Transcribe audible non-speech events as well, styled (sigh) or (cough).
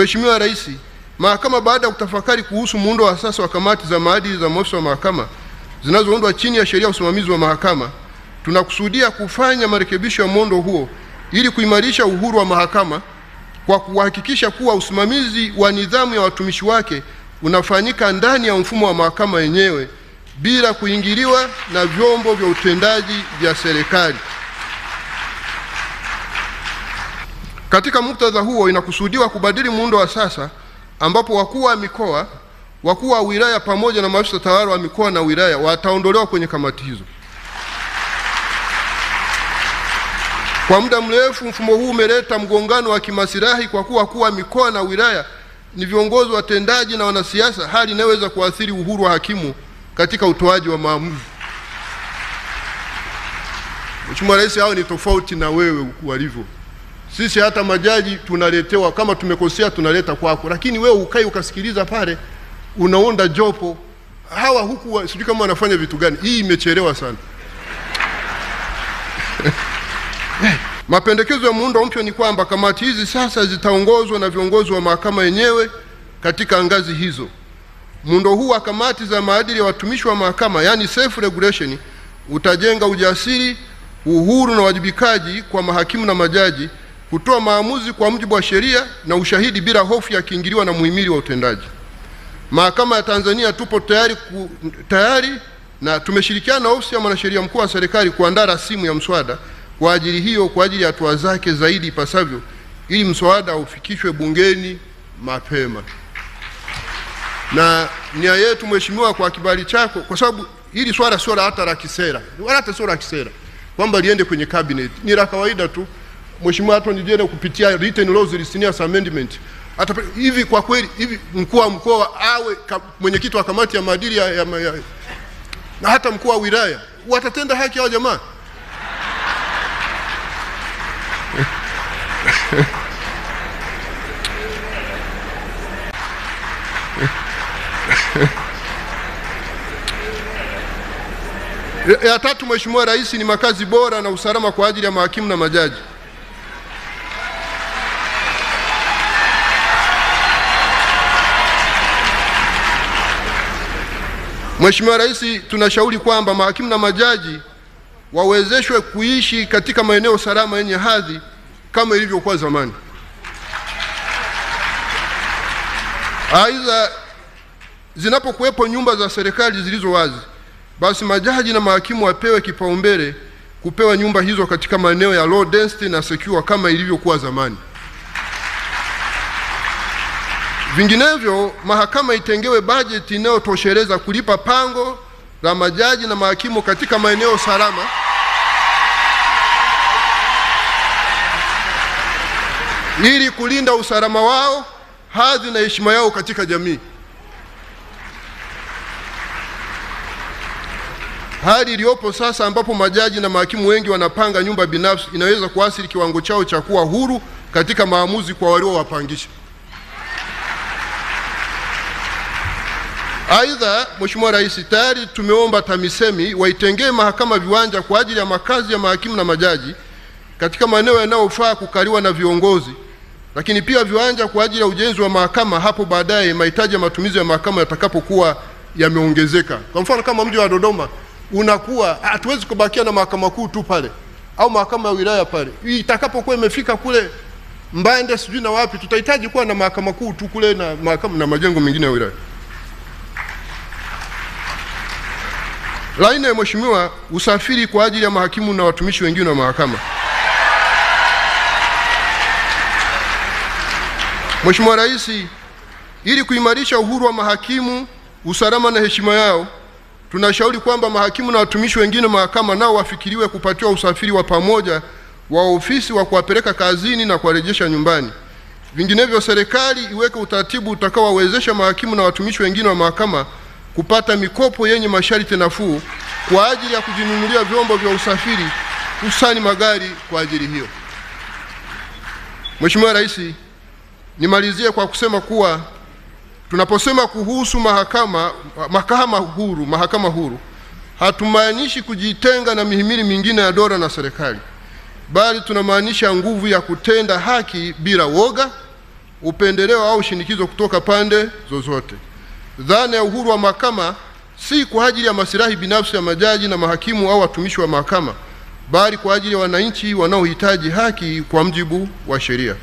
Mheshimiwa Rais, mahakama baada ya kutafakari kuhusu muundo wa sasa wa kamati za maadili za maafisa wa mahakama zinazoundwa chini ya sheria ya usimamizi wa mahakama, tunakusudia kufanya marekebisho ya muundo huo ili kuimarisha uhuru wa mahakama kwa kuhakikisha kuwa usimamizi wa nidhamu ya watumishi wake unafanyika ndani ya mfumo wa mahakama yenyewe bila kuingiliwa na vyombo vya utendaji vya serikali. Katika muktadha huo, inakusudiwa kubadili muundo wa sasa ambapo wakuu wa mikoa, wakuu wa wilaya pamoja na maafisa tawala wa mikoa na wilaya wataondolewa kwenye kamati hizo. Kwa muda mrefu mfumo huu umeleta mgongano wa kimasilahi kwa kuwa wakuu wa mikoa na wilaya ni viongozi watendaji na wanasiasa, hali inayoweza kuathiri uhuru wa hakimu katika utoaji wa maamuzi. Mheshimiwa Rais, hao ni tofauti na wewe walivyo. Sisi hata majaji tunaletewa, kama tumekosea tunaleta kwako, lakini wewe ukai ukasikiliza pale, unaonda jopo hawa huku, sijui kama wanafanya vitu gani. Hii imechelewa sana. (laughs) Mapendekezo ya muundo mpya ni kwamba kamati hizi sasa zitaongozwa na viongozi wa mahakama yenyewe katika ngazi hizo. Muundo huu wa kamati za maadili ya watumishi wa mahakama, yani self regulation, utajenga ujasiri, uhuru na wajibikaji kwa mahakimu na majaji kutoa maamuzi kwa mujibu wa sheria na ushahidi bila hofu ya kiingiliwa na muhimili wa utendaji. Mahakama ya Tanzania tupo tayari, ku, tayari na tumeshirikiana na ofisi ya mwanasheria mkuu wa serikali kuandaa rasimu ya mswada kwa ajili hiyo kwa ajili ya hatua zake zaidi ipasavyo ili mswada ufikishwe bungeni mapema. Na nia yetu Mheshimiwa, kwa kibali chako, kwa sababu hili swala sio hata la kisera wala hata sio la kisera kwamba liende kwenye kabineti, ni la kawaida tu. Mheshimiwa Anthony Jene kupitia written laws senior amendment hata hivi kwa kweli hivi mkuu wa mkoa awe mwenyekiti wa kamati ya maadili ya, ya, ya, na hata mkuu wa wilaya watatenda haki hao jamaa? (laughs) Ya tatu, Mheshimiwa Rais, ni makazi bora na usalama kwa ajili ya mahakimu na majaji. Mheshimiwa Rais, tunashauri kwamba mahakimu na majaji wawezeshwe kuishi katika maeneo salama yenye hadhi kama ilivyokuwa zamani. Aidha, zinapokuwepo nyumba za serikali zilizo wazi, basi majaji na mahakimu wapewe kipaumbele kupewa nyumba hizo katika maeneo ya low density na secure kama ilivyokuwa zamani. Vinginevyo mahakama itengewe bajeti inayotosheleza kulipa pango la majaji na mahakimu katika maeneo salama ili kulinda usalama wao, hadhi na heshima yao katika jamii. Hali iliyopo sasa ambapo majaji na mahakimu wengi wanapanga nyumba binafsi inaweza kuathiri kiwango chao cha kuwa huru katika maamuzi kwa waliowapangisha. Aidha, Mheshimiwa Rais, tayari tumeomba TAMISEMI waitengee mahakama viwanja kwa ajili ya makazi ya mahakimu na majaji katika maeneo yanayofaa kukaliwa na viongozi, lakini pia viwanja kwa ajili ya ujenzi wa mahakama hapo baadaye, mahitaji ya matumizi ya mahakama yatakapokuwa yameongezeka. Kwa mfano kama mji wa Dodoma unakuwa, hatuwezi kubakia na mahakama kuu tu pale au mahakama ya wilaya pale, itakapokuwa imefika kule Mbande sijui na wapi, tutahitaji kuwa na mahakama kuu tu kule na mahakama na majengo mengine ya wilaya. La nne, mheshimiwa, usafiri kwa ajili ya mahakimu na watumishi wengine wa mahakama. Mheshimiwa Rais, ili kuimarisha uhuru wa mahakimu, usalama na heshima yao, tunashauri kwamba mahakimu na watumishi wengine wa mahakama nao wafikiriwe kupatiwa usafiri wa pamoja wa ofisi wa kuwapeleka kazini na kuwarejesha nyumbani. Vinginevyo, serikali iweke utaratibu utakaowawezesha mahakimu na watumishi wengine wa mahakama kupata mikopo yenye masharti nafuu kwa ajili ya kujinunulia vyombo vya usafiri hususani magari kwa ajili hiyo. Mheshimiwa Rais, nimalizie kwa kusema kuwa tunaposema kuhusu mahakama, mahakama huru, mahakama huru hatumaanishi kujitenga na mihimili mingine ya dola na serikali, bali tunamaanisha nguvu ya kutenda haki bila woga, upendeleo au shinikizo kutoka pande zozote. Dhana ya uhuru wa mahakama si kwa ajili ya masilahi binafsi ya majaji na mahakimu au watumishi wa mahakama, bali kwa ajili ya wananchi wanaohitaji haki kwa mjibu wa sheria.